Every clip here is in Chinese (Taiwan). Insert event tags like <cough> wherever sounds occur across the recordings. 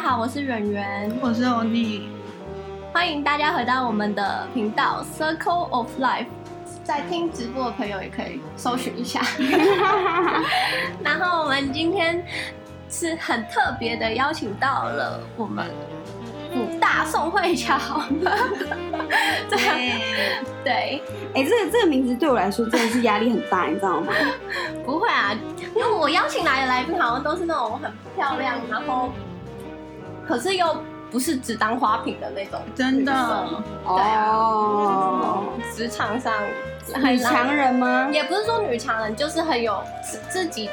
大家好，我是圓圓，我是歐尼。歡迎大家回到我們的頻道 Circle of Life，在聽直播的朋友也可以搜尋一下。 <laughs> 然後我們今天是很特別的邀請到了我們輔大宋慧喬。 <laughs> 對，對、欸，哎、欸，這個、這個名字對我來說真的是壓力很大，你知道嗎？ <laughs> 不會啊，因為我邀請來的來賓好像都是那種很漂亮，然後。可是又不是只當花瓶的那種，真的，對哦、啊。oh. 職場上很強人嗎？也不是說女強人，就是很有自己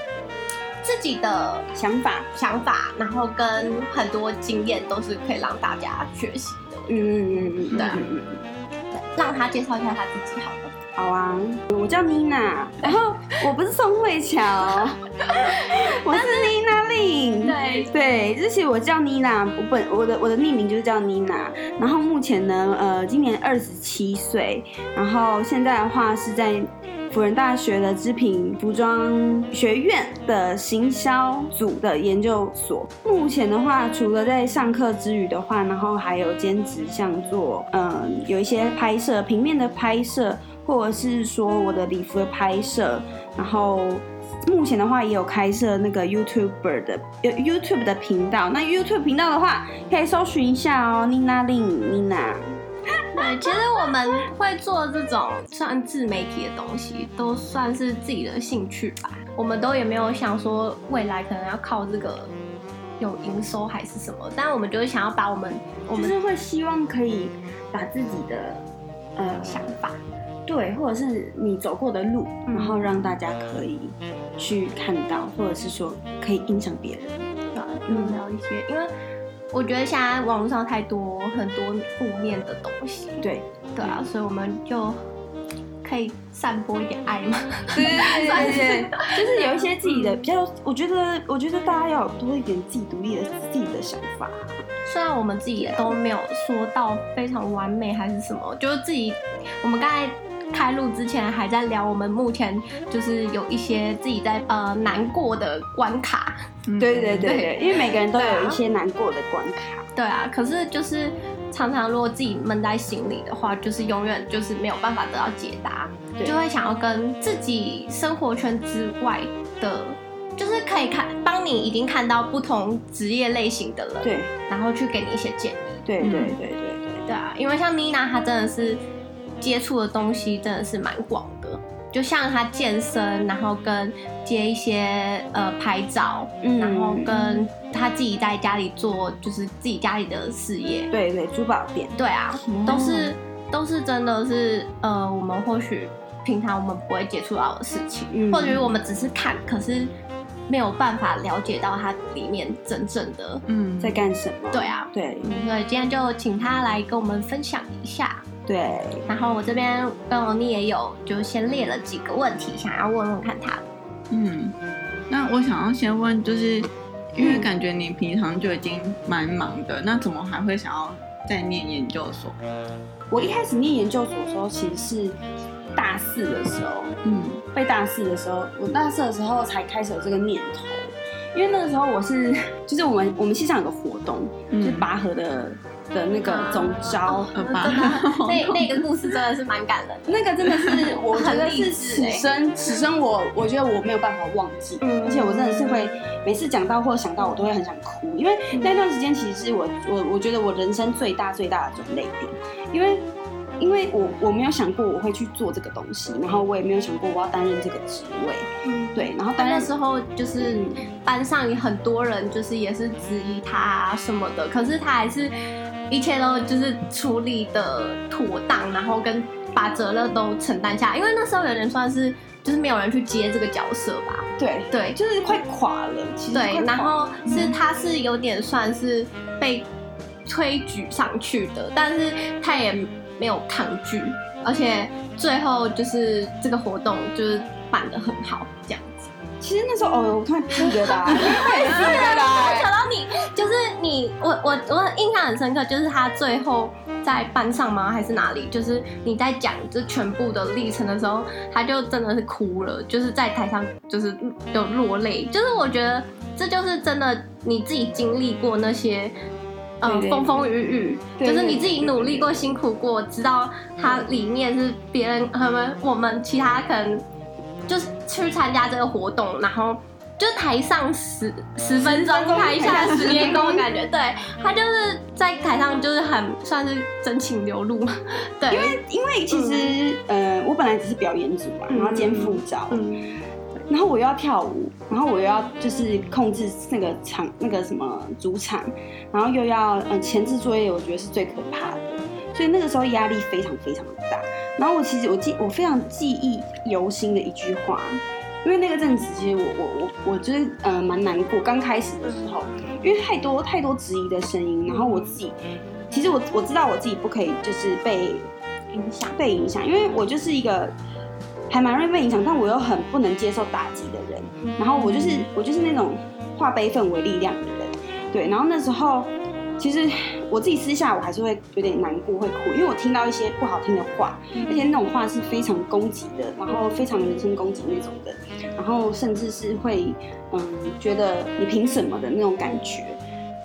自己的想法想法，想法，然後跟很多經驗都是可以讓大家學習的。嗯嗯嗯嗯對啊、mm -hmm. 對，讓他介紹一下他自己好了。好啊，我叫妮娜，然後我不是宋慧喬、 <laughs> 就是，我是妮娜林，對對，之前我叫妮娜，我本我的我的匿名就是叫妮娜，然後目前呢，呃，今年二十七歲，然後現在的話是在輔仁大學的織品服裝學院的行銷組的研究所，目前的話，除了在上課之餘的話，然後還有兼職，像做嗯有一些拍攝，平面的拍攝。或者是說我的禮服的拍攝，然後目前的話也有開設那個 YouTuber 的有 YouTube 的 YouTube 的頻道。那 YouTube 頻道的話，可以搜尋一下哦，Nina Lin Nina。對，其實我們會做這種算自媒體的東西，都算是自己的興趣吧。我們都也沒有想說未來可能要靠這個有營收還是什麼，但我們就是想要把我們，我們是會希望可以把自己的呃想法。對，或者是你走過的路，嗯，然後讓大家可以去看到，或者是說可以影響別人。對，聊一些，因為我覺得現在網絡上太多很多負面的東西。對，對啊，嗯，所以我們就可以散播一點愛嘛。對，對，對，對，對 <laughs> 就是有一些自己的比較，嗯，我覺得，我覺得大家要多一點自己獨立的自己的想法。雖然我們自己也都沒有說到非常完美還是什麼，就是自己，我們剛才。開錄之前還在聊，我們目前就是有一些自己在呃難過的關卡。嗯、對對對，對，對，因為每個人都有一些難過的關卡。對啊，對啊，可是就是常常如果自己悶在心裡的話，就是永遠就是沒有辦法得到解答，就會想要跟自己生活圈之外的，就是可以看幫你已經看到不同職業類型的人，對，然後去給你一些建議。對對對對對，對。對啊，因為像妮娜她真的是。接觸的東西真的是蠻廣的，就像他健身，然後跟接一些呃拍照，嗯，然後跟他自己在家裡做，就是自己家裡的事業，對對，珠寶店，對啊，嗯、都是都是真的是呃，我們或許平常我們不會接觸到的事情，嗯、或許我們只是看，可是沒有辦法了解到他裡面真正的嗯在幹什麼，對啊，對，所以今天就請他來跟我們分享一下。對，然後我這邊跟王麗也有就先列了幾個問題，想要問問看他，嗯，那我想要先問，就是因為感覺你平常就已經蠻忙的，嗯，那怎麼還會想要再念研究所？我一開始念研究所的時候，其實是大四的時候，嗯，被大四的時候，我大四的時候才開始有這個念頭，因為那個時候我是，就是我們我們系上有個活動，就是拔河的。的那個總招、嗯、很棒、嗯？那那個故事真的是蠻感人的。 <laughs> 那個真的是，我覺得是 <laughs> 此生此生我 <laughs> 我覺得我沒有辦法忘記，嗯、而且我真的是會、嗯、每次講到或想到，我都會很想哭。嗯、因為那段時間其實是我我我覺得我人生最大最大的種類，因為因為我我沒有想過我會去做這個東西，然後我也沒有想過我要擔任這個職位、嗯。對，然後擔那時候就是班上也很多人就是也是質疑他、啊、什麼的，可是他還是。一切都就是處理的妥當，然後跟把責任都承擔下，因為那時候有人算是就是沒有人去接這個角色吧。對對，就是快垮了。其實對、就是了，然後是、嗯、他是有點算是被推舉上去的，但是他也沒有抗拒，而且最後就是這個活動就是辦得很好，這樣。其實那時候，哦，我，突然記得了，突然記得了！想到你，就是你，我我我印象很深刻，就是他最後在班上嗎？還是哪裡？就是你在講這全部的歷程的時候，他就真的是哭了，就是在台上就是有落淚。就是我覺得這就是真的你自己經歷過那些，呃，對對對風風雨雨對對對，就是你自己努力過、對對對辛苦過，知道它裡面是別人他們我們其他可能就是。去參加這個活動，然後就台上十十分鐘，台下十年功的感覺。 <laughs> 對，他就是在台上就是很算是真情流露。對，因為因為其實、嗯、呃我本來只是表演組嘛、啊，然後兼副招、嗯嗯，然後我又要跳舞，然後我又要就是控制那個場那個什麼主場，然後又要嗯、呃、前置作業，我覺得是最可怕的，所以那個時候壓力非常非常大。然後我其實我記我非常記憶猶新的一句話，因為那個陣子其實我我我我覺得呃蠻難過。剛開始的時候，因為太多太多質疑的聲音，然後我自己其實我我知道我自己不可以就是被影響被影響，因為我就是一個還蠻容易被影響，但我又很不能接受打擊的人。然後我就是我就是那種化悲憤為力量的人，對。然後那時候。其實我自己私下我還是會有點難過，會哭，因為我聽到一些不好聽的話，而且那種話是非常攻擊的，然後非常人身攻擊那種的，然後甚至是會，嗯，覺得你憑什麼的那種感覺。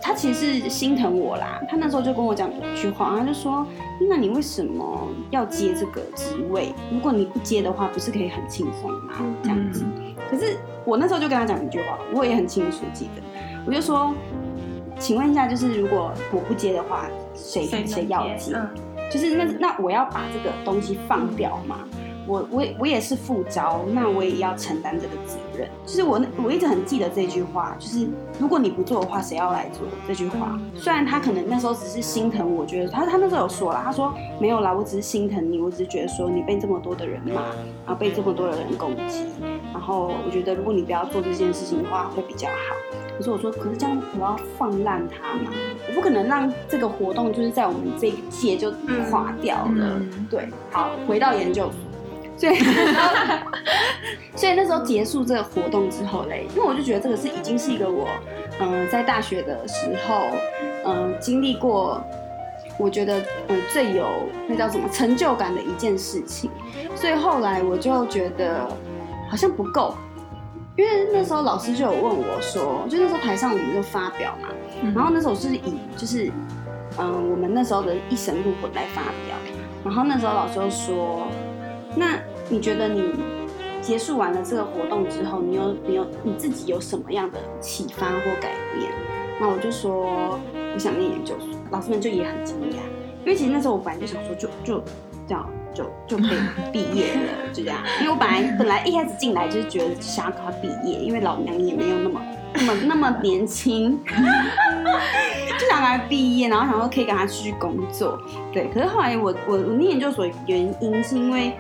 他其實是心疼我啦，他那時候就跟我講一句話，他就說：那你為什麼要接這個職位？如果你不接的話，不是可以很輕鬆嗎？這樣子。嗯、可是我那時候就跟他講一句話，我也很清楚記得，我就說。請問一下，就是如果我不接的話，誰誰，誰要接？嗯、就是那那我要把這個東西放掉嗎？嗯我我我也是副召，那我也要承擔這個責任。就是我我一直很記得這句話，就是如果你不做的話，誰要來做？這句話雖然他可能那時候只是心疼我，覺得他他那時候有說了，他說沒有啦，我只是心疼你，我只是覺得說你被這麼多的人罵，然後被這麼多的人攻擊，然後我覺得如果你不要做這件事情的話會比較好。可是我說，可是這樣我要放爛它嘛？我不可能讓這個活動就是在我們這一屆就垮掉了。嗯嗯。對，好，回到研究所。對 <laughs> <laughs> <laughs> 所以那時候結束這個活動之後嘞，因為我就覺得這個是已經是一個我，嗯，在大學的時候，嗯，經歷過，我覺得嗯、呃、最有那叫什麼成就感的一件事情。所以後來我就覺得好像不夠，因為那時候老師就有問我說，就那時候台上我們就發表嘛，然後那時候是以就是嗯、呃、我們那時候的一神入魂來發表，然後那時候老師就說。那你覺得你結束完了這個活動之後，你有你有你自己有什麼樣的啟發或改變？那我就說我想念研究所，老師們就也很驚訝，因為其實那時候我本來就想說就就這樣就就，就，就可以畢業了就這樣，因為我本來本來一開始進來就是覺得想要考畢業，因為老娘也沒有那麼。那麼那麼年輕， <laughs> 就想來畢業，然後想說可以跟他繼續工作，對。可是後來我我我念研究所，原因是因為。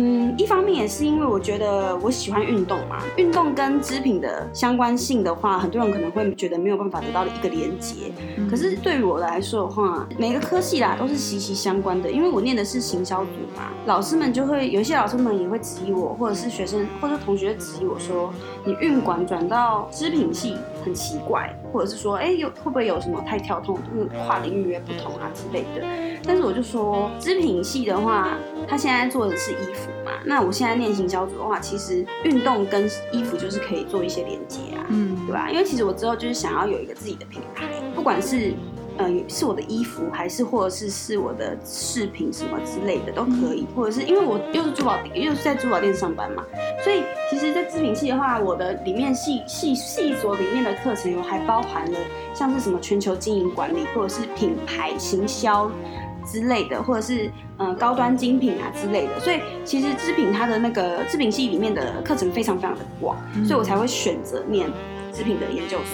嗯，一方面也是因為我覺得我喜歡運動嘛，運動跟織品的相關性的話，很多人可能會覺得沒有辦法得到一個連接、嗯。可是對於我來說的話，每個科系啦都是息息相關的，因為我念的是行銷組嘛，老師們就會有一些老師們也會質疑我，或者是學生或者同學質疑我說，你運管轉到織品系很奇怪，或者是說，哎、欸，有會不會有什麼太跳痛，跨領域不同啊之類的。但是我就說，織品系的話。他現在做的是衣服嘛？那我現在念行銷組的話，其實運動跟衣服就是可以做一些連結啊，嗯，對吧？因為其實我之後就是想要有一個自己的品牌，不管是呃是我的衣服，還是或者是是我的飾品什麼之類的都可以，嗯、或者是因為我又是珠寶店，又是在珠寶店上班嘛，所以其實，在織品系的話，我的裡面系系，系系所裡面的課程，有還包含了像是什麼全球經營管理，或者是品牌行銷。之類的，或者是嗯、呃、高端精品啊之類的，所以其實織品它的那個織品系裡面的課程非常非常的廣，嗯，所以我才會選擇念織品的研究所。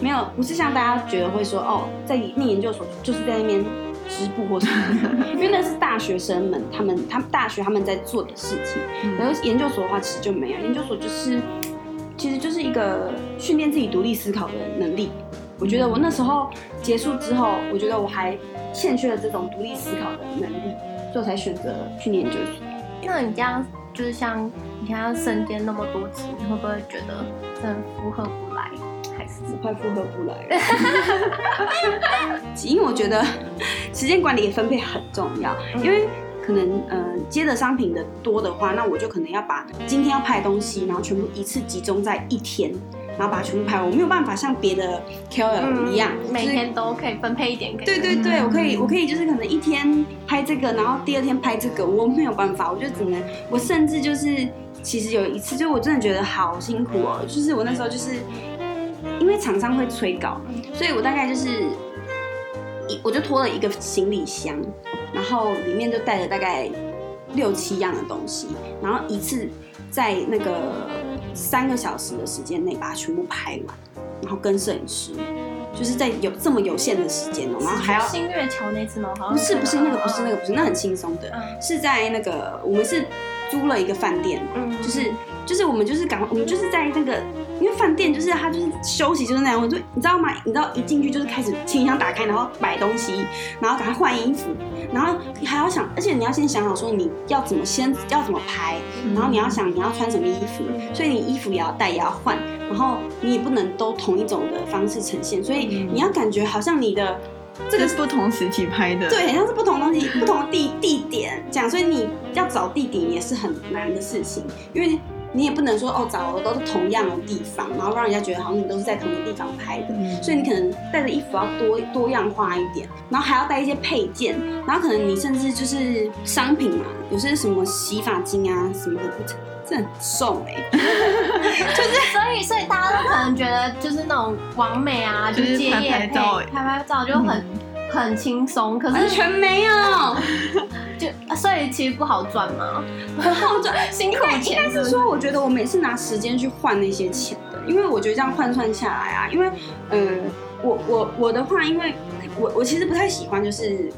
沒有，不是像大家覺得會說哦，在念研究所就是在那邊織布或什麼， <laughs> 因為那是大學生們他們他們大學他們在做的事情。然，嗯，後研究所的話其實就沒有，研究所就是其實就是一個訓練自己獨立思考的能力。我覺得我那時候結束之後，我覺得我還欠缺了這種獨立思考的能力，所以我才選擇去研究。那你這樣就是像你看，身兼那麼多職，你會不會覺得嗯負荷不來？還是我快負荷不來？ <laughs> <laughs> 因為我覺得時間管理分配很重要，嗯、因為可能、呃、接的商品的多的話，那我就可能要把今天要拍的東西，然後全部一次集中在一天。然後把它全部拍完，我沒有辦法像別的 KOL 一樣，每天都可以分配一點給。就是、對對對，我可以，我可以，就是可能一天拍這個，然後第二天拍這個，我沒有辦法，我就只能，我甚至就是，其實有一次，就我真的覺得好辛苦哦、喔，就是我那時候就是因為廠商會催稿，所以我大概就是我就拖了一個行李箱，然後裡面就帶了大概六七樣的東西，然後一次在那個。三個小時的時間內把它全部拍完，然後跟攝影師、嗯，就是在有、嗯、這麼有限的時間，然後還要新月橋那次嗎？不是不是那個不是那個不是，那很輕鬆的、嗯，是在那個我們是租了一個飯店、嗯，就是。就是我們就是趕快，我們就是在那個，因為飯店就是他就是休息就是那樣，就你知道嗎？你知道一進去就是開始行李箱打開，然後擺東西，然後趕快換衣服，然後你還要想，而且你要先想想說你要怎麼先要怎麼拍，然後你要想你要穿什麼衣服，所以你衣服也要帶也要換，然後你也不能都同一種的方式呈現，所以你要感覺好像你的這個是不同時期拍的，對，好像是不同東西、不同地地點講，所以你要找地點也是很難的事情，因為。你也不能說哦，找的都是同樣的地方，然後讓人家覺得好像你都是在同一個地方拍的，嗯、所以你可能帶的衣服要多多樣化一點，然後還要帶一些配件，然後可能你甚至就是商品嘛，有些什麼洗髮精啊什麼的，這很送、欸， <laughs> 就是 <laughs> 所以所以大家都可能覺得就是那種完美啊，就是、接業配、就是、拍拍照，拍拍照就很。嗯很輕鬆，可是完全沒有， <laughs> 就所以其實不好賺嘛，不好賺，辛苦錢。應該是說，我覺得我每次拿時間去換那些錢的、嗯，因為我覺得這樣換算下來啊，因為呃，我我我的話，因為我我其實不太喜歡就是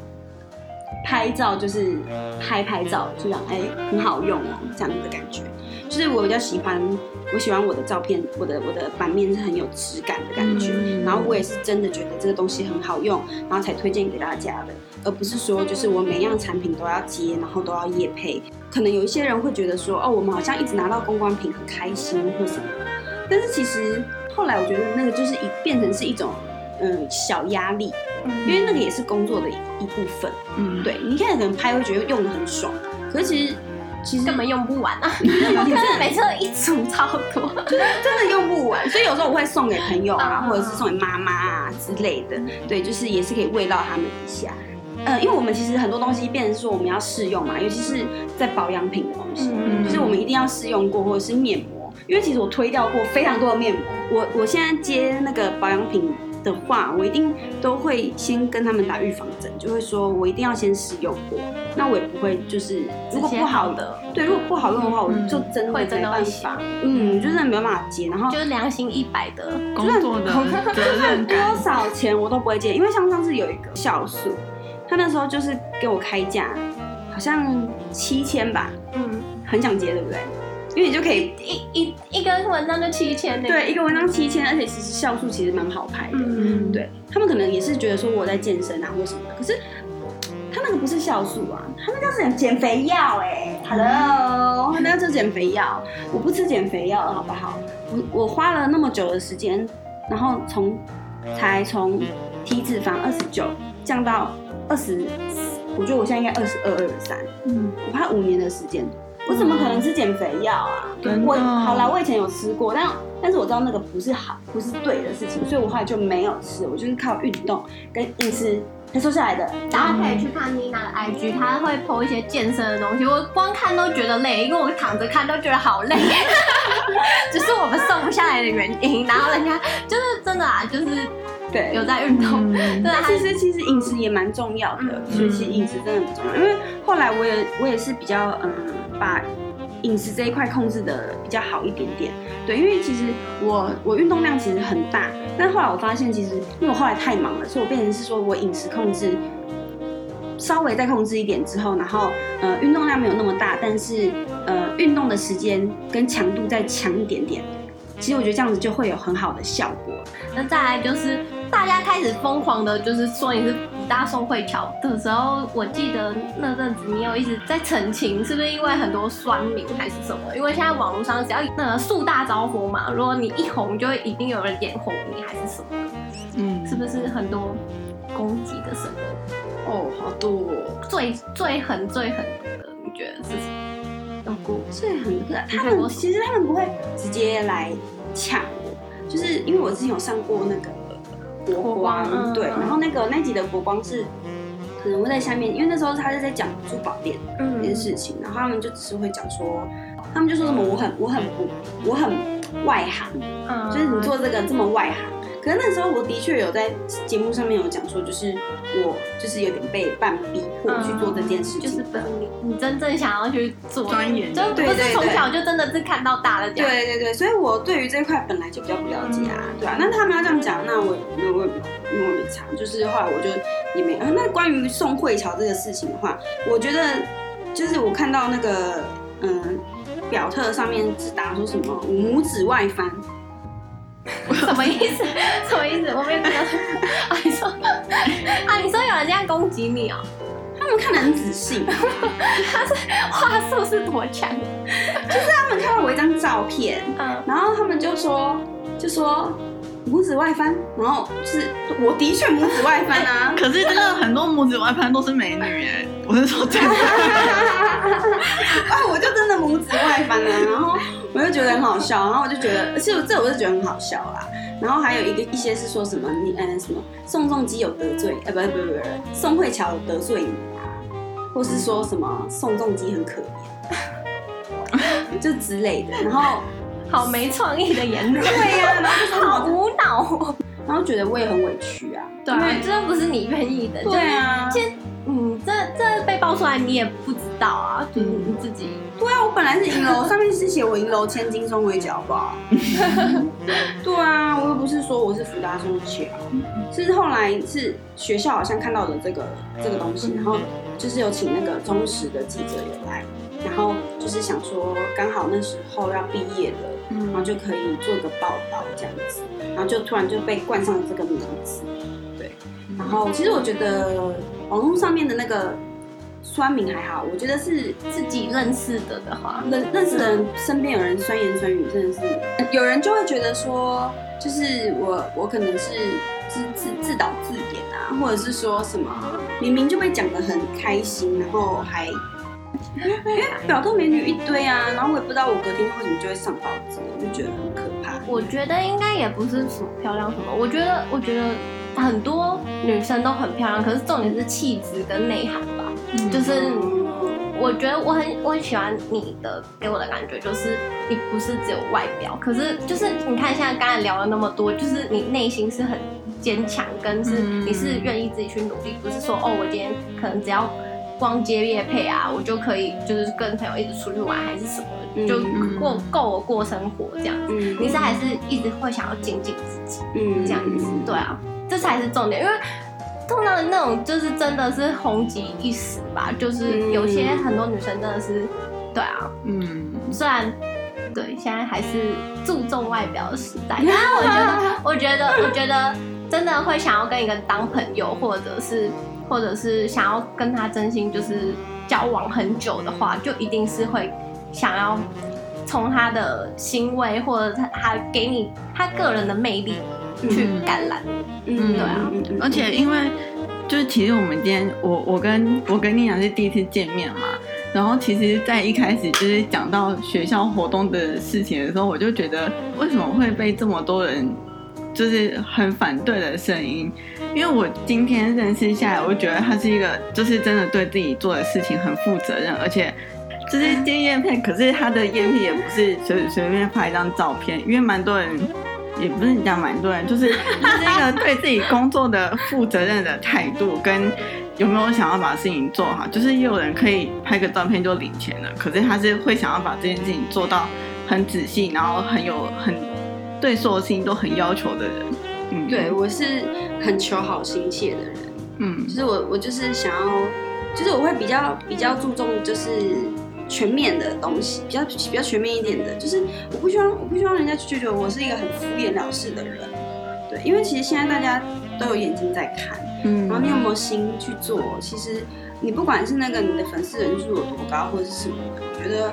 拍照，就是拍拍照，就這樣，哎、欸，很好用哦、喔，這樣子的感覺。就是我比較喜歡，我喜歡我的照片，我的我的版面是很有質感的感覺、嗯嗯。然後我也是真的覺得這個東西很好用，然後才推薦給大家的，而不是說就是我每樣產品都要接，然後都要業配。可能有一些人會覺得說，哦，我們好像一直拿到公關品很開心或什麼，但是其實後來我覺得那個就是一變成是一種嗯小壓力，因為那個也是工作的一部分。嗯，對，你一開始可能拍會覺得用得很爽，可是其實。其實根本用不完啊， <laughs> 真的我看真的每次都一組超多，就是，真的用不完。 <laughs> 所以有時候我會送給朋友啊，或者是送給媽媽啊之類的。對，就是也是可以慰勞他們一下。嗯、呃，因為我們其實很多東西變成說我們要試用嘛，尤其是在保養品的東西，嗯，就是我們一定要試用過或者是面膜。因為其實我推掉過非常多的面膜，我我現在接那個保養品的話，我一定都會先跟他們打預防針，就會說我一定要先試用過，那我也不會就是如果不好，好的，對，如果、嗯、如果不好用的話、嗯嗯，我就真的會沒辦法，嗯，嗯就是沒有辦法接，然後就是良心一百的，就算工作的責任感多少錢我都不會接， <laughs> 因為像上次有一個酵素，他那時候就是給我開價好像七千吧，嗯，很想接，對不對？因為你就可以一一一個文章就七千對，對，一個文章七千，而且其實酵素其實蠻好排的，嗯、對他們可能也是覺得說我在健身啊或什麼，可是他那個不是酵素啊，他們那是減肥藥哎、欸嗯、，Hello，大家這是減肥藥，我不吃減肥藥好不好？我我花了那麼久的時間，然後從才從體脂肪二十九降到二十，我覺得我現在應該二十二二十三，嗯，我花了五年的時間。我怎麼可能吃減肥藥啊？嗯、我好啦，我以前有吃過，但但是我知道那個不是好，不是對的事情，所以我後來就沒有吃。我就是靠運動跟飲食瘦下來的。然、嗯、後可以去看妮娜的 IG，okay。他會 PO 一些健身的東西，我光看都覺得累，因為我躺着看都覺得好累。 <laughs> <laughs> 就是我們瘦不下來的原因，然後人家就是真的啊，就是對有在運動。對，但其實其實飲食也蠻重要的，所以其實飲食真的很重要。因為後來我也我也是比較嗯，把飲食這一塊控制的比較好一點點。對，因為其實我我運動量其實很大，但後來我發現其實因為我後來太忙了，所以我變成是說我飲食控制。稍微再控制一點之後，然後呃運動量沒有那麼大，但是呃運動的時間跟強度再強一點點，其實我覺得這樣子就會有很好的效果。那再來就是大家開始瘋狂的，就是說你是輔大宋慧喬的時候，我記得那陣子你有一直在澄清，是不是因為很多酸民還是什麼？因為現在網絡上只要那個樹大招風嘛，如果你一紅，就一定有人眼紅你還是什麼？嗯，是不是很多攻擊的聲音？哦，好多、哦，最最狠最狠的，你覺得是什麼？老、嗯、公最狠的、啊，他們其實他們不會直接來搶我，就是因為我之前有上過那個國光，國光嗯、對、嗯，然後那個那集的國光是可能會在下面、嗯，因為那時候他是在講珠寶店嗯這件事情、嗯，然後他們就只是會講說，他們就說什麼我很我很不我很外行，就、嗯、是你做這個這麼外行。嗯嗯可是那時候我的確有在節目上面有講說，就是我就是有點被半逼迫去做這件事情、嗯，就是本你，、嗯、你真正想要去做專業，對對對，從小就真的是看到大的點。對對對，所以我對於這塊本來就比較不了解啊、嗯，對啊，那他們要這樣講，那我沒有問我我沒查，就是後來我就也沒有。那關於宋慧喬這個事情的話，我覺得就是我看到那個嗯表特上面只答說什麼拇指外翻。什麼意思？ <laughs> 什麼意思？我沒有聽到說。 <laughs> 啊，你說，啊，你說有人這樣攻擊你哦？他們看得很仔細。 <laughs> 他是話術是，是多強？就是他們看到我一張照片，嗯，然後他們就說，就說拇指外翻，然、哦、後、就是我的確拇指外翻啊、欸。可是真的很多拇指外翻都是美女哎、欸，我是說真的。哎、 <laughs> <laughs> <laughs> 啊，我就真的拇指外翻了、啊，然後。我就覺得很好笑，然後我就覺得，其實我這我就覺得很好笑啦、啊。然後還有一個一些是說什麼你嗯什麼宋仲基有得罪呃、欸、不不不是，宋慧喬有得罪你啊，或是說什麼宋仲基很可憐， <laughs> 就之類的。然後好沒創意的言論， <laughs> 對呀、啊，然後就說好無腦。 <laughs> 然後覺得我也很委屈啊，對，啊，對啊，這又不是你願意的，對啊。其實，嗯，這這被爆出來你也不知道啊，就是、你自己。對啊，我本來是銀樓，上面是寫我銀樓千金宋慧喬吧。對啊，我又不是說我是輔大宋慧喬，是後來是學校好像看到的這個這個東西，然後就是有請那個忠實的記者有來。然後就是想說，剛好那時候要畢業了，嗯、然後就可以做個報道這樣子，然後就突然就被冠上了這個名字，對。嗯、然後其實我覺得網絡上面的那個酸民還、啊、好，我覺得是自己認識的的話，認認識的人、嗯、身邊有人酸言酸語，真的是、嗯、有人就會覺得說，就是我我可能是自自自導自演啊，或者是說什麼明明就被講得很開心，然後還。 <laughs> 表特美女一堆啊，然後我也不知道我隔天為什麼就會上報紙，我就覺得很可怕。我覺得應該也不是什麼漂亮什麼， <laughs> 我覺得我覺得很多女生都很漂亮，可是重點是氣質跟內涵吧。嗯、就是、嗯、我覺得我很我很喜歡你的給我的感覺，就是你不是只有外表，可是就是你看現在剛才聊了那麼多，就是你內心是很堅強，跟是你是願意自己去努力，不是說哦我今天可能只要。逛街配啊，我就可以就是跟朋友一直出去玩，還是什麼，嗯、就過夠、嗯、我過生活這樣子。女、嗯、生還是一直會想要靜靜自己，這樣子、嗯嗯。對啊，這才是重點。因為通常的那種就是真的是紅極一時吧，就是有些很多女生真的是，對啊，嗯，雖然對現在還是注重外表的時代，但是我覺得， <laughs> 我覺得，我覺得真的會想要跟一個人當朋友，或者是。或者是想要跟他真心就是交往很久的話，就一定是會想要從他的行為或者他他給你他個人的魅力、嗯、去感染嗯，嗯，對啊。而且因為就是其實我們今天我我跟我跟你講是第一次見面嘛，然後其實，在一開始就是講到學校活動的事情的時候，我就覺得為什麼會被這麼多人。就是很反對的聲音，因為我今天認識下來，我覺得他是一個，就是真的對自己做的事情很負責任，而且就是接業配，可是他的業配也不是隨隨便拍一張照片，因為蠻多人，也不是你講蠻多人，就是就是一個對自己工作的負責任的態度跟有沒有想要把事情做好，就是也有人可以拍個照片就領錢了，可是他是會想要把這件事情做到很仔細，然後很有很。對所有事情都很要求的人，嗯、對，我是很求好心切的人。嗯，其實我我就是想要，就是我會比較比較注重就是全面的東西，比較比較全面一點的。就是我不希望我不希望人家去拒絕我，是一個很敷衍了事的人。對，因為其實現在大家都有眼睛在看，嗯，然後你有沒有心去做、嗯？其實你不管是那個你的粉絲人數有多高或者是什麼的，我覺得。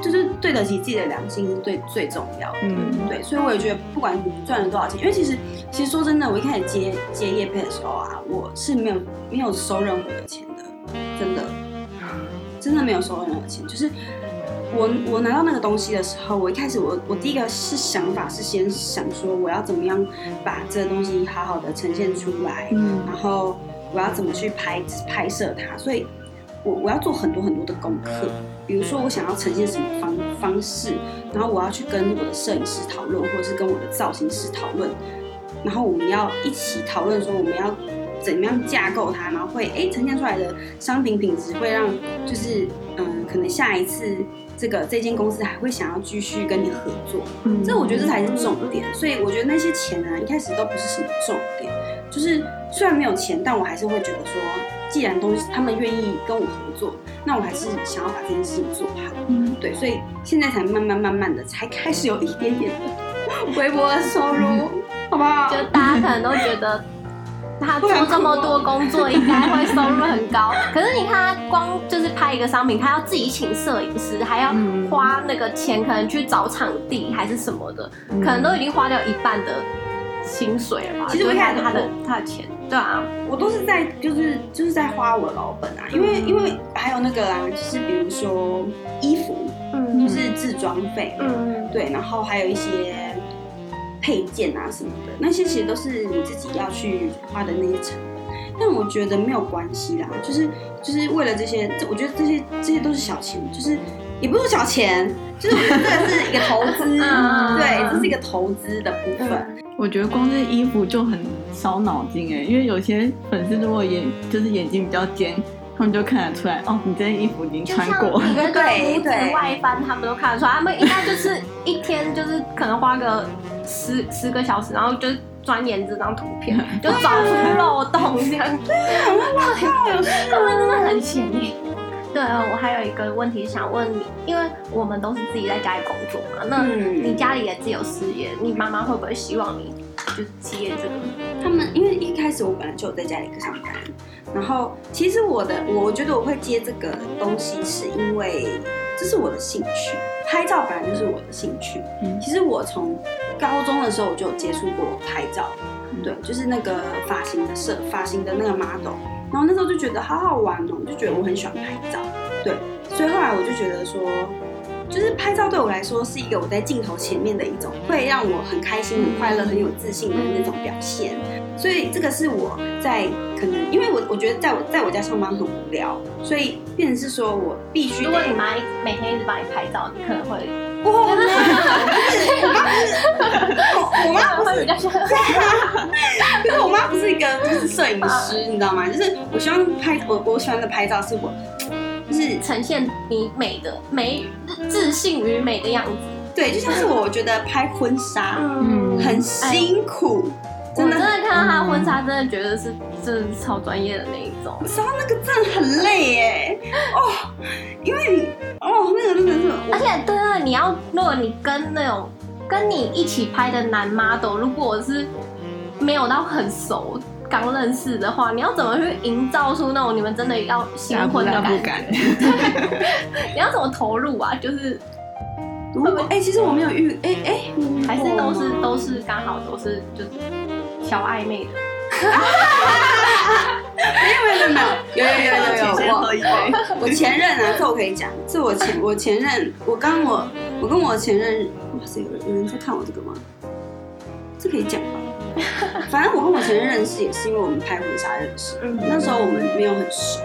就是對得起自己的良心是最最重要的，嗯、對，對，所以我也覺得不管你賺了多少錢，因為其實其實說真的，我一開始接接業配的時候啊，我是沒有沒有收任何的錢的，真的，真的沒有收任何錢，就是我我拿到那個東西的時候，我一開始我我第一個是想法是先想說我要怎麼樣把這個東西好好的呈現出來，嗯、然後我要怎麼去拍拍攝它，所以。我我要做很多很多的功課，比如說我想要呈現什麼方方式，然後我要去跟我的攝影師討論，或者是跟我的造型師討論，然後我們要一起討論說我們要怎麼樣架構它，然後會哎呈、呈現出來的商品品質會讓就是嗯、呃、可能下一次這個這間公司還會想要繼續跟你合作、嗯，這我覺得這才是重點，所以我覺得那些錢呢、啊、一開始都不是什麼重點。就是雖然沒有錢，但我還是會覺得說，既然東西他們願意跟我合作，那我還是想要把這件事情做好。嗯，對，所以現在才慢慢慢慢的才開始有一點點的、嗯、微薄的收入，嗯、好不好？就大家可能都覺得他做這麼多工作應該會收入很高，嗯、 <laughs> 可是你看他光就是拍一個商品，他要自己請攝影師，還要花那個錢，可能去找場地還是什麼的，嗯、可能都已經花掉一半的，薪水了，其實我看他的他的、他的錢，對啊，我都是在就是就是在花我老本啊，因為、嗯、因為還有那個啊，就是比如說衣服，嗯，就是製裝費，嗯，對，然後還有一些配件啊什麼的，嗯、那些其實都是你自己要去花的那些成本，但我覺得沒有關係啦，就是就是為了這些，我覺得這些這些都是小錢，就是。也不是小錢，就是我覺得這個是一個投資、 <laughs> 嗯，對，這是一個投資的部分。嗯、我覺得光是衣服就很燒腦筋哎、欸，因為有些粉絲如果眼就是眼睛比較尖，他們就看得出來哦，你這件衣服已經穿過，對對，拇指外翻他們都看得出來。他們應該就是一天就是可能花個十 <laughs> 十個小時，然後就是鑽研這張圖片， <laughs> 就找出漏洞這樣子。對，他們很厲害，他們真的很厲害。對啊，我還有一個問題想問你，因為我們都是自己在家裡工作嘛，那你家裡也自有事業，嗯，你媽媽會不會希望你就是接這個？他們因為一開始我本來就有在家裡上班，然後其實我的，我覺得我會接這個東西是因為這是我的興趣，拍照本來就是我的興趣。其實我從高中的時候我就有接觸過拍照，嗯，對，就是那個髮型的設髮型的那個 model。然後那時候就覺得好好玩哦，我就覺得我很喜歡拍照，對，所以後來我就覺得說，就是拍照對我來說是一個我在鏡頭前面的一種會讓我很開心、很快樂、很有自信的那種表現。所以這個是我在可能，因為我我覺得在我在我家上班很無聊，所以變成是說我必須。如果你媽媽一直每天一直幫你拍照，你可能會。哦、啊 <laughs> 啊 <laughs> 媽我呢？是我媽不是，我媽不是，嗯嗯嗯啊嗯、可是我媽不是一個就是攝影師、嗯嗯，你知道嗎？就是我希望拍我我喜歡的拍照是我，就是呈現你美的美自信與美的樣子。對，就像是我覺得拍婚紗、嗯、很辛苦。欸我真的看到他婚紗，真的覺得是真的是超專業的那一種。然、嗯、後那個站很累耶，哦，因為你哦那個那個是，而且對，對對，你要如果你跟那種跟你一起拍的男 model，如果我是沒有到很熟、剛認識的話，你要怎麼去營造出那種你們真的要新婚的感覺？打不打不 <laughs> <laughs> 你要怎麼投入啊？就是，會不會？哎、欸，其實我沒有遇，哎、欸、哎、欸，還是都是都是剛好都是就是。挑曖昧的 <laughs> 沒有，沒有沒有沒有，有有有有有。先 <laughs> 喝一杯，我前任啊，這 <laughs> 我可以講，這我前我前任，我剛，剛我我跟我前任，哇塞，有人有人在看我這個嗎？這可以講吧？反正我跟我前任認識也是因為我們拍婚紗認識，嗯。那時候我們沒有很熟，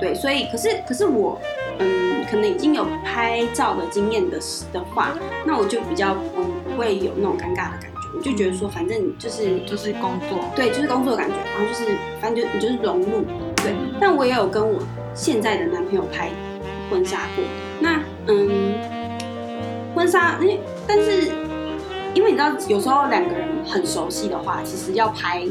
對，所以可是可是我，嗯，可能已經有拍照的經驗的的話，那我就比較嗯會有那種尷尬的感覺。我就覺得說，反正就是、嗯、就是工作，對，就是工作的感覺。然後就是，反正就你就是融入，對、嗯。但我也有跟我現在的男朋友拍婚紗過。那嗯，婚紗，因、欸、為但是因為你知道，有時候兩個人很熟悉的話，其實要拍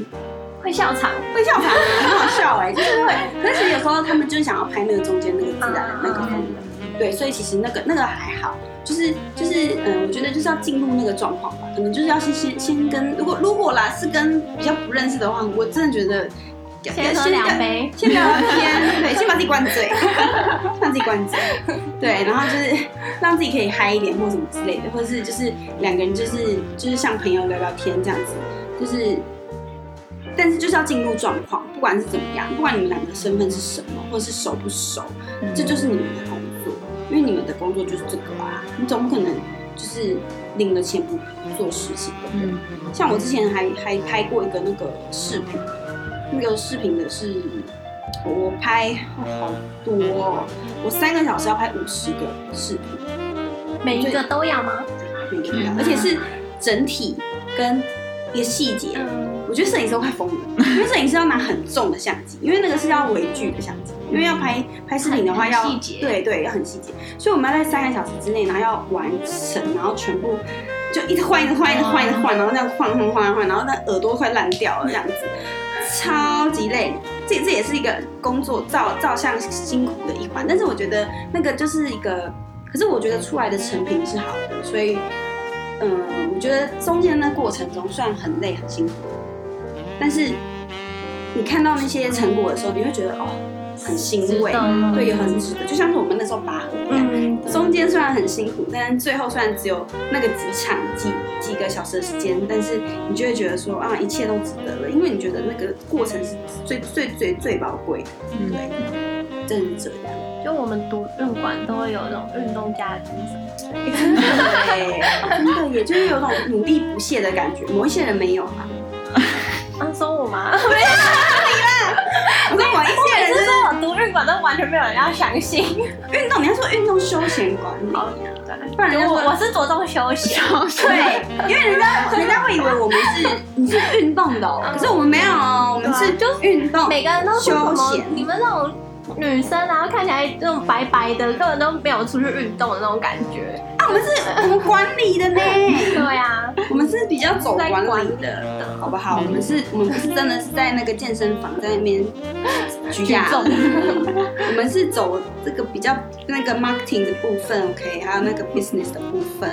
會笑場，會笑場， <laughs> 很好笑哎、欸，就是會。可是有時候他們就想要拍那個中間那個自然的那個空，嗯 okay. 對，所以其實那個那個還好。就是就是嗯，我覺得就是要進入那個狀況吧，可、嗯、能就是要先先先跟如果如果啦，是跟比較不認識的話，我真的覺得先喝兩杯先，先聊聊天， <laughs> 對，先把自己灌醉，讓自己灌醉，對，然後就是讓自己可以嗨一點或什麼之類的，或者是就是兩個人就是就是像朋友聊聊天這樣子，就是但是就是要進入狀況，不管是怎麼樣，不管你們兩個的身份是什麼，或者是熟不熟，這就，就是你們的因為你們的工作就是這個啊，你總不可能就是領了錢不做事情，對不對？像我之前還還拍過一個那個視頻，那個視頻的是我拍好多，我三個小時要拍五十個視頻，每一個都要嗎？每一個都要，而且是整體跟一個細節，嗯。我覺得攝影師都快瘋了，因為攝影師要拿很重的相機，因為那個是要微距的相機。因為要拍拍視頻的話要，要對對要很細節，所以我們要在三個小時之內，然後要完成，然後全部就一直換一，換一直換一，一直換，換，然後這樣換換，換，換，換，然後那耳朵快爛掉了，這樣子超級累。這這也是一個工作照照相辛苦的一環，但是我覺得那個就是一個，可是我覺得出來的成品是好的，所以嗯，我覺得中間的那過程中算很累很辛苦，但是你看到那些成果的時候，你會覺得哦。很欣慰，對、嗯，也很值得，值得。就像是我們那時候拔河一樣，嗯、中間雖然很辛苦，但是最後雖然只有那個幾場幾幾個小時的時間，但是你就會覺得說啊，一切都值得了，因為你覺得那個過程是最、嗯、最最最寶貴的、嗯，對，真這樣。就我們讀運管都會有那種運動家的精神，對欸、真的耶， <laughs> 哦、真的耶 <laughs> 就是有一種努力不懈的感覺，某一些人沒有嘛、啊？放、啊、鬆我嗎？ <laughs> <laughs> 我跟你講，我每次說我讀運管都完全沒有人要相信。運動，你要說運動休閒管理，不然我、就是、我是着重休閒。對，因為人家、嗯、人家會以為我們是 <laughs> 你是運動的、喔，可是我們沒有、嗯，我們是、啊、就運動，每個人都休閒。你們那種女生、啊，然後看起來那種白白的，根本都沒有出去運動的那種感覺。 <laughs> 我們是我們管理的呢，對呀，我們是比較走管理的，好不好？我們是，我們不是真的是在那個健身房在那邊舉鈴，我們是走這個比較那個 marketing 的部分，OK，還有那個 business 的部分，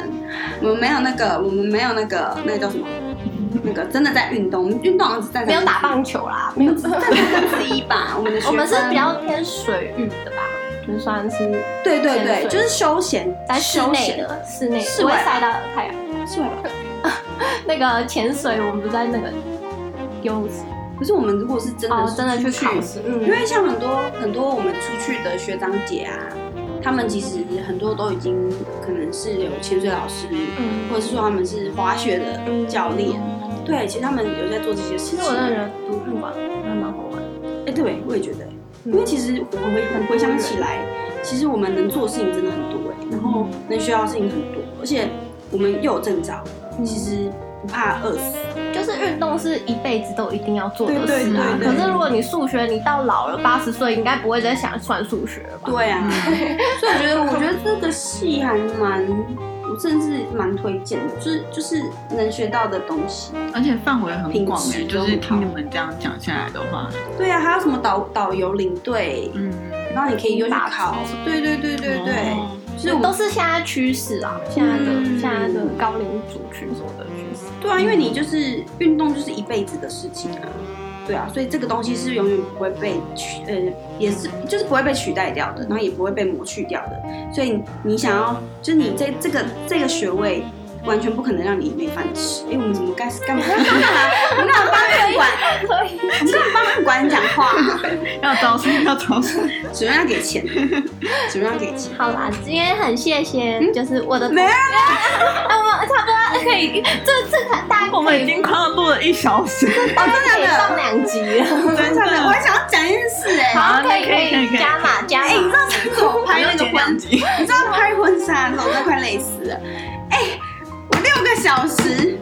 我們沒有那個，我們沒有那個，那個叫什麼？那個真的在運動，運動只在，是在是、okay、有沒有打棒球啦，沒有占三分之一吧？我們，我們，我，們的學我們是比較偏水域的吧？就算是對對對，就是休閒，在室內的室內，不會曬到太陽。室外吧 <laughs> 那個潛水我們不在那個優勢。 <laughs> 可是我們如果是真的、哦、真的去，去、嗯，因為像很多、嗯、很多我們出去的學長姐啊，他們其實很多都已經可能是有潛水老師、嗯，或者是說他們是滑雪的教練、嗯。對，其實他們有在做這些事情。其實我那人都不玩，還蠻好玩。哎、欸，對，我也覺得。嗯、因為其實回回回，想起來，其實我們能做的事情真的很多、欸、然後能學到事情很多，而且我們又有證照，其實不怕餓死。就是運動是一輩子都一定要做的事嘛、啊。對對對、可是如果你數學，你到老了八十歲，應該不會再想算數學吧？對啊， <laughs> <laughs> 所以我覺得，我覺得這個戲還蠻。我甚至蠻推薦，就是就是能學到的東西，而且範圍很廣哎、欸，就是聽你們這樣講下來的話，對啊，還有什麼導導遊領隊，嗯，然後你可以用打卡，對對對對對，哦、對，所以我們都是現在趨勢啊，現在的現在的高齡族群什麼的趨勢、嗯，對啊，因為你就是運、嗯、動就是一輩子的事情啊。對啊，所以這個東西是永遠不會被取，呃，也是就是不會被取代掉的，然後也不會被抹去掉的。所以你想要，嗯、就你這、嗯、這個這個學位。完全不可能讓你沒飯吃。哎、欸，我們怎麼幹？幹嘛？幹嘛？我們幹嘛幫管？飯館？我們幹嘛？飯館講話要要倒水，要倒水。怎麼樣要給錢？怎麼樣要給錢？好啦，今天很謝謝，嗯、就是我的。沒有啦，那、啊、我們差不多 okay. Okay. Okay. 可以。這這大概我們已經快要錄了一小時。我真的上兩集了。真、哦、的， <laughs> 的，我想要講一件事。哎，好，可以可以加碼加碼。哎，你知道怎麼拍那個婚？你知道拍婚紗、啊，我真的快累死了。哎。小時，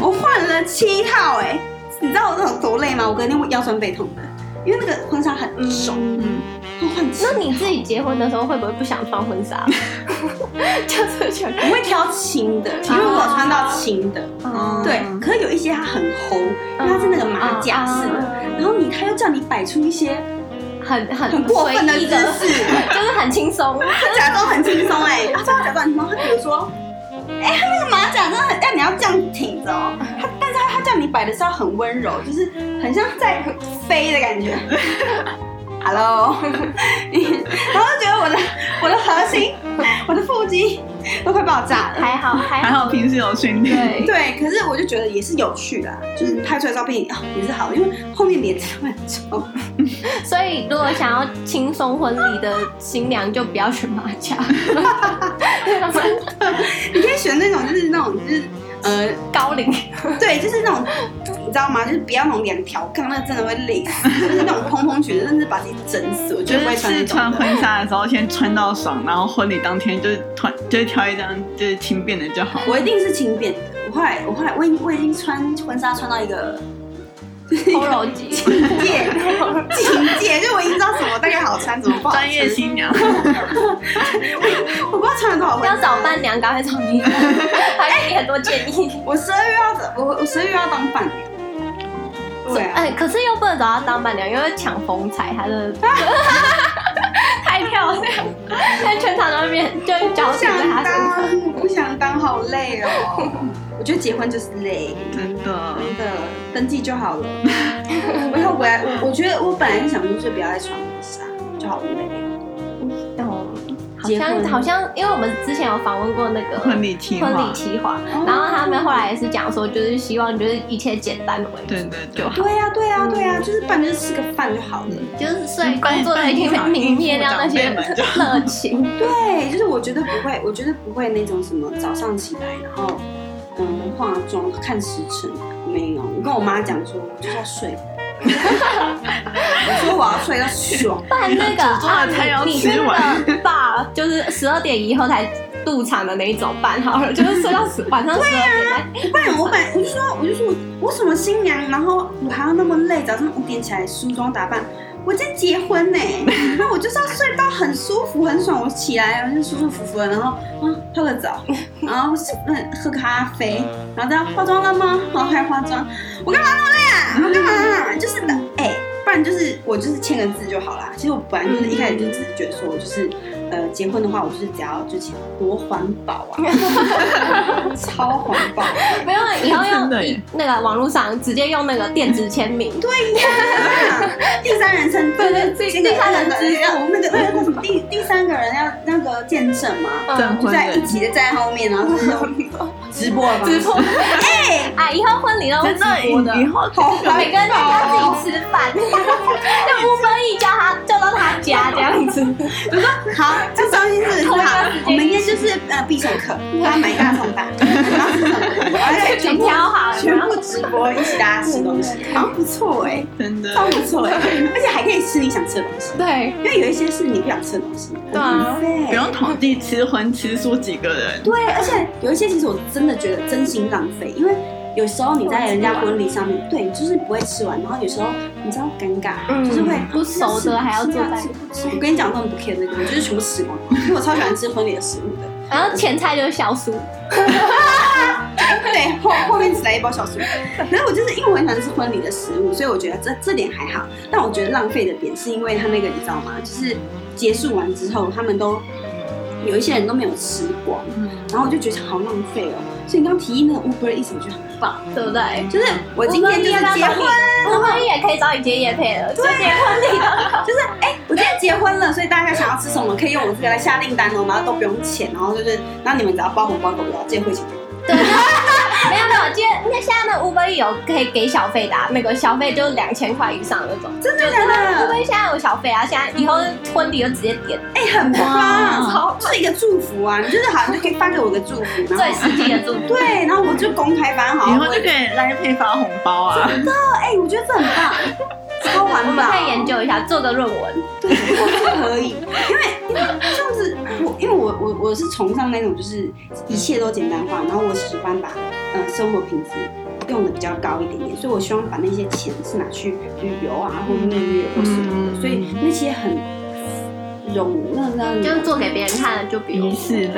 我換了七套哎，你知道我這種多累嗎？我隔天會腰酸背痛的，因為那個婚紗很重，嗯嗯嗯。那你自己結婚的時候會不會不想穿婚紗？就是想，你會挑輕的，因為我穿到輕的，啊啊，對。可是有一些它很厚，因為它是那個馬甲式的，啊，然後你它又叫你擺出一些很很，很很過分的姿勢， <laughs> 就是很輕鬆，看起來很輕鬆哎。真 <laughs> 的，啊，假裝很輕鬆，比 <laughs> 如，啊， <laughs> 說。哎、欸，他那個馬甲真的很，要你要這樣挺着哦。他，但是他他叫你擺的時候很溫柔，就是很像在飛的感覺。哈嘍，你，然後覺得我的我的核心， <laughs> 我的腹肌。都快爆炸了，還好還好，平時有訓練。對，可是我就覺得也是有趣的啊，就是拍出來照片也是好的，因為後面臉才會很醜。所以如果想要輕鬆婚禮的新娘，就不要選馬甲， <laughs> <laughs> 真的 <laughs> 你可以選那種就是那種就是。呃，高領， <laughs> 對，就是那種，你知道嗎？就是不要那種兩條槓，那真的會累，就是那種蓬蓬裙，甚至把自己整死。我覺得會穿、就是、是穿婚紗的時候先穿到爽，然後婚禮當天就穿，就挑一張就是輕便的就好了。我一定是輕便的，我後來我後來我我已經穿婚紗穿到一個，樓禮請柬請柬，就我已經知道怎麼大概好穿，怎麼不好穿。專業新娘， <laughs> 我我不知道穿得好不好。要找伴娘，趕快找你，他、欸、給你很多建議。我十二月要我我十二月要當伴娘，對、啊。哎、欸，可是又不能找他當伴娘，因為搶風采，他的太漂亮，在全場那邊就跟焦點在他身上。不想當，我不想當，好累哦。 <laughs> 我覺得結婚就是累，真的，真的，真的登記就好了。 <laughs> 我以後不要，我、 <laughs> 嗯、我覺得我本來是想就是不要再穿婚紗，就好累哦、嗯，好像好像，因為我們之前有訪問過那個婚禮婚禮策劃，然後他們後來也是講說，就是希望就是一切簡單的，對對，對，就對啊對啊對啊、嗯、就是辦就是吃個飯就好了，嗯、就是算工作的一天，明天，泯滅掉，那些熱情。 <laughs> 對，就是我覺得不會，我覺得不會那種什麼早上起來然後。化、嗯、妝、啊、看時辰、啊，沒有。我跟我媽講說，我就是要睡。 <laughs> 我說我要睡到爽， <laughs> 辦那個啊，你真的辦，爸就是十二點以後才入場的那一種辦，好了， <laughs> 就是睡到晚上十二點對、啊。不然我本我就說， <laughs> 我就說我就我，我什麼新娘，然後我還要那麼累，早上五點起來梳妝打扮。我在結婚呢，那我就是要睡到很舒服很爽，我起來我就舒舒服服服的，然後、啊、泡個澡，然後是嗯喝咖啡，然後要化妝了嗎？然後還化妝，我幹嘛那麼累啊？然後幹嘛、啊？就是哎、欸，不然就是我就是簽個字就好啦。其實我本來就是、嗯、一開始就是覺得說，我就是。呃，結婚的話，我就是只要之前多環保啊， <laughs> 超環保，不用了，以後要用以那個網絡上直接用那個電子簽名，嗯、對呀、啊，對啊、 <laughs> 第三人稱，這個、對對、這個，第三人稱，哦、這個，那個，呃、那個那個，第第三個人要那個見證嘛，見、嗯、證，就在一起的站在後面啊。 <laughs> <laughs> 直播嗎？直播哎、欸！啊，以後婚禮了，我的，以後，以後每跟大家自己吃飯，就不分億叫他叫到他家家樣吃我說好，這雙休是好，明天就是呃必勝客，我他買大送大。對，他他對對對而且全挑好全部直播，直播對對對，一起大家吃東西，哦，不錯哎、欸，真的超不錯哎，而且還可以吃你想吃的東西。對，因為有一些是你不想吃的東西，對，不用統計吃葷吃素幾個人。對，而且有一些其實我真。真的覺得真心浪費，因為有時候你在人家婚禮上面，對，就是不會吃完。然後有時候你知道尷尬、嗯，就是會不熟的要吃還要做菜。我跟你講，他們不 care 那個，我就是全部吃完，因為我超喜歡吃婚禮的食物的。然後前菜就是小酥， <laughs> <laughs> 對，後後面只來一包小酥。然 <laughs> 後 <laughs> 我就是因為全是婚禮的食物，所以我覺得這這點還好。但我覺得浪費的點是因為他那個你知道嗎？就是結束完之後，他們都有一些人都沒有吃光、嗯，然後我就覺得好浪費哦。所以你剛剛提議那個 Uber，意思我覺得很棒，對不對？就是我今天就要結婚，我婚禮也可以找你接業配了。所以結婚禮堂，就是哎、欸，我今天結婚了，所以大家想要吃什麼可以用我們這個來下訂單哦，然後都不用錢，然後就是，那你們只要包紅包就可以了，見會對 <laughs> 接那現在那 Uber 有可以給小費的、啊，那個小費就兩千塊以上那種。真的啊？Uber 現在有小費啊？現在以後婚禮就直接點。哎、欸，很棒 <laughs> 超，是一個祝福啊！你就是好像，就可以發給我個祝福、啊，最實際的祝福。對，然後我就公開發好，以、嗯、後就可以來配發紅包啊。真的？哎、欸，我覺得這很棒。 <laughs> 超完美，我可以研究一下，做個論文。 <laughs> 對，我不可以， <laughs> 因為。我是崇尚那種，就是一切都簡單化，然後我喜歡把嗯生活品質用的比較高一點點，所以我希望把那些錢是拿去旅遊啊，或者蜜月或什麼的、嗯嗯，所以那些很容那那就是做給別人看的，就比如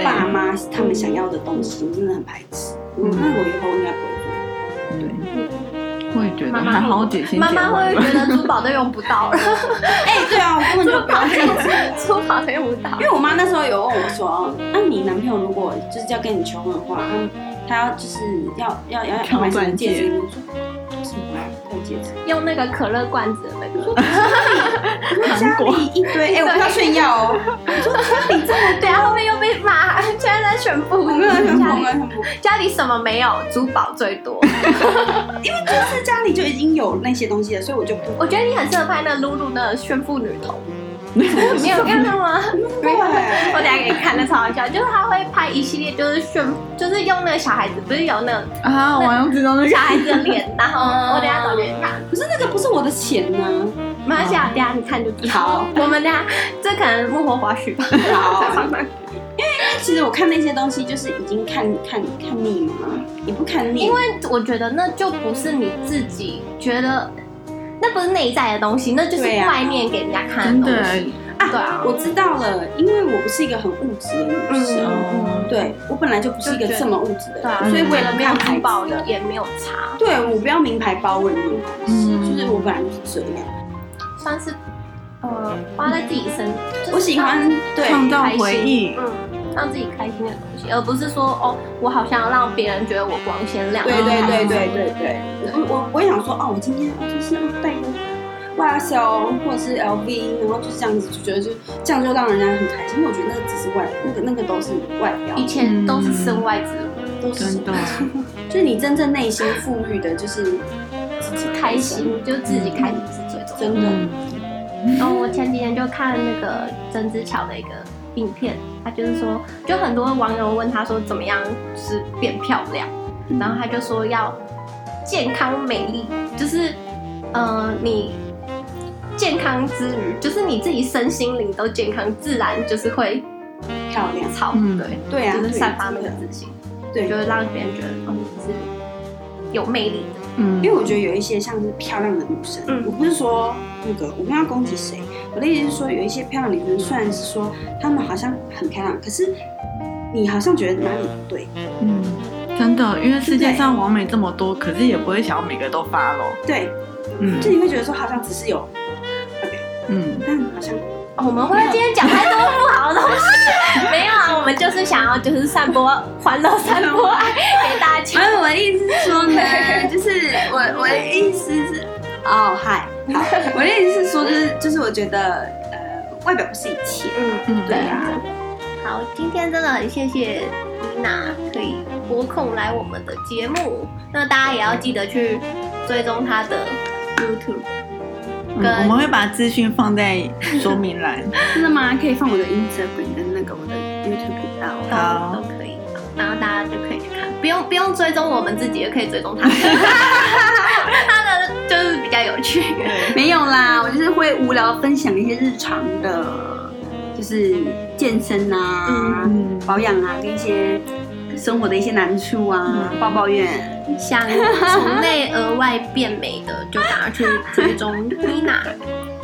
爸媽他們想要的東西，我真的很排斥、嗯。那我以後我應該。不會。媽媽媽媽會覺得珠寶都用不到了。哎、 <laughs> <laughs> 欸，對啊，根本就寶那些珠寶都用不到。因為我媽那時候有問我說：“那、 <music> 啊、你男朋友如果就是要跟你求婚的話，他、嗯、他要就是要要要買什麼戒指？”用那個可樂罐子的那個？ <laughs> 哈哈家裡一堆，哎、 <laughs> 欸，我不要炫耀哦。你說里這的對，就是、 <laughs> 對啊後面又被罵，居然在炫富。我 <laughs> 沒家，什 <laughs> 家裡什麼沒有？珠寶最多。 <laughs> 因為就是家裡就已經有那些東西了，所以我就不。不我覺得你很適合拍那露露的炫富女童。沒 <laughs> 有看到嗎？我 <laughs> <laughs> 我等一下給你看，個超好笑，就是他會拍一系列，就是炫，就是用那個小孩子，不是有那啊、個，我用知道那小孩子臉，然後我等一下找給你看。可 <laughs> 是那個不是我的錢呢、啊， <laughs> 沒關係啊，等下你看就知道。好。我們等下這可能幕後花絮吧 <laughs> 鬆。好，因為其實我看那些東西就是已經看看看膩了嗎？也不看膩，因為我覺得那就不是你自己覺得。那不是內在的東西，那就是外面給人家看的東西啊，啊！對啊，我知道了，因為我不是一個很物質的女生、嗯嗯，對、嗯、我本來就不是一個這麼物質的人，所以為了沒有牌子包的也沒有差，對，對，對我不要名牌包，我也不，就是我本來就是這樣，算是呃花在自己身、嗯就是，我喜歡創造回憶，嗯。讓自己開心的東西，而不是說哦，我好像讓別人覺得我光鮮亮麗。對對對對對對，對對對對對對對對，我我也想說哦，我今天就是帶個外銷或者是 LV，然後就是這樣子，就覺得就這樣就讓人家很開心。因為我覺得那個只是外，那個那個都是外表，以前都是身外之物，嗯，都是 <laughs> 就是你真正內心富裕的，就是自己開心，嗯，就自己開心是最真的。然後、嗯哦，我前幾天就看那個曾之喬的一個，影片，他就是說，就很多網友問他說怎麼樣是變漂亮，嗯、然後他就說要健康美麗，就是，呃，你健康之餘，就是你自己身心靈都健康，自然就是會漂亮超多，對、嗯，對啊，就是散發那個自信，對，就是讓別人覺得你、嗯、是有魅力的，嗯，因為我覺得有一些像是漂亮的女生，嗯、我不是說那個我們要攻擊誰。我的意思是說，有一些漂亮女生，雖然是說她們好像很漂亮，可是你好像覺得哪裡不對。嗯，真的，因為世界上網美這麼多，可是也不會想要每個都 follow。對，嗯，就你會覺得說好像只是有 okay, 嗯，但好像、嗯哦、我們會今天講太多不好的東西。沒有啊， <laughs> 我們就是想要就是散播歡樂，散播愛給大家。所以我的意思是說呢，就是我我的意思是，哦嗨。好，我的意思是說、就是，就是就是，我覺得，呃，外表不是一切。嗯嗯，對啊。好，今天真的很謝謝 Nina 可以撥空來我們的節目。那大家也要記得去追蹤他的 YouTube、嗯。我們會把資訊放在說明欄。真 <laughs> 的 <laughs> 嗎？可以放我的 Instagram 跟那個我的 YouTube 頻道。好，都可以。然後大家就可以去看，不用不用追蹤我們自己，也可以追蹤他。 <laughs> 聊，分享一些日常的，就是健身啊、嗯嗯、保養啊，跟一些生活的一些難處啊，抱抱怨。想從內而外變美的，就趕快去追蹤妮娜、 <laughs> 啊。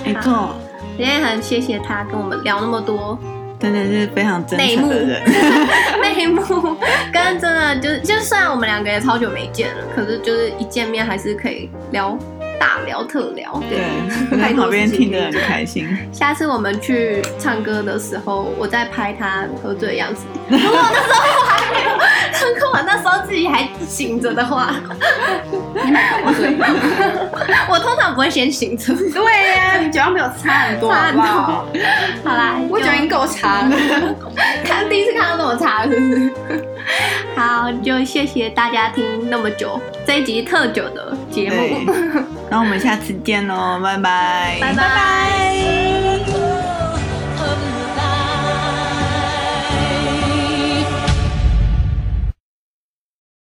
沒錯，今天很謝謝他跟我們聊那麼多，真的、就是非常真誠的人。內幕，剛 <laughs> 剛真的就是，就算我們兩個也超久沒見了，可是就是一見面還是可以聊。大聊特聊，對，在、嗯嗯、旁邊聽得很開心。下次我們去唱歌的時候，我再拍他喝醉的樣子。 <laughs> 如果那時候我還沒有喝完， <laughs> 那時候自己還醒着的話， <laughs> <laughs> <laughs> 我通常不會先醒着。對呀，你酒量沒有差很多好，好，很多好啦，我酒量夠差了。他 <laughs> 第一次看到那麼差是不是？ <laughs> 好，就謝謝大家聽那麼久，這一集特久的節目。那我們下次見嘍，拜拜，拜拜。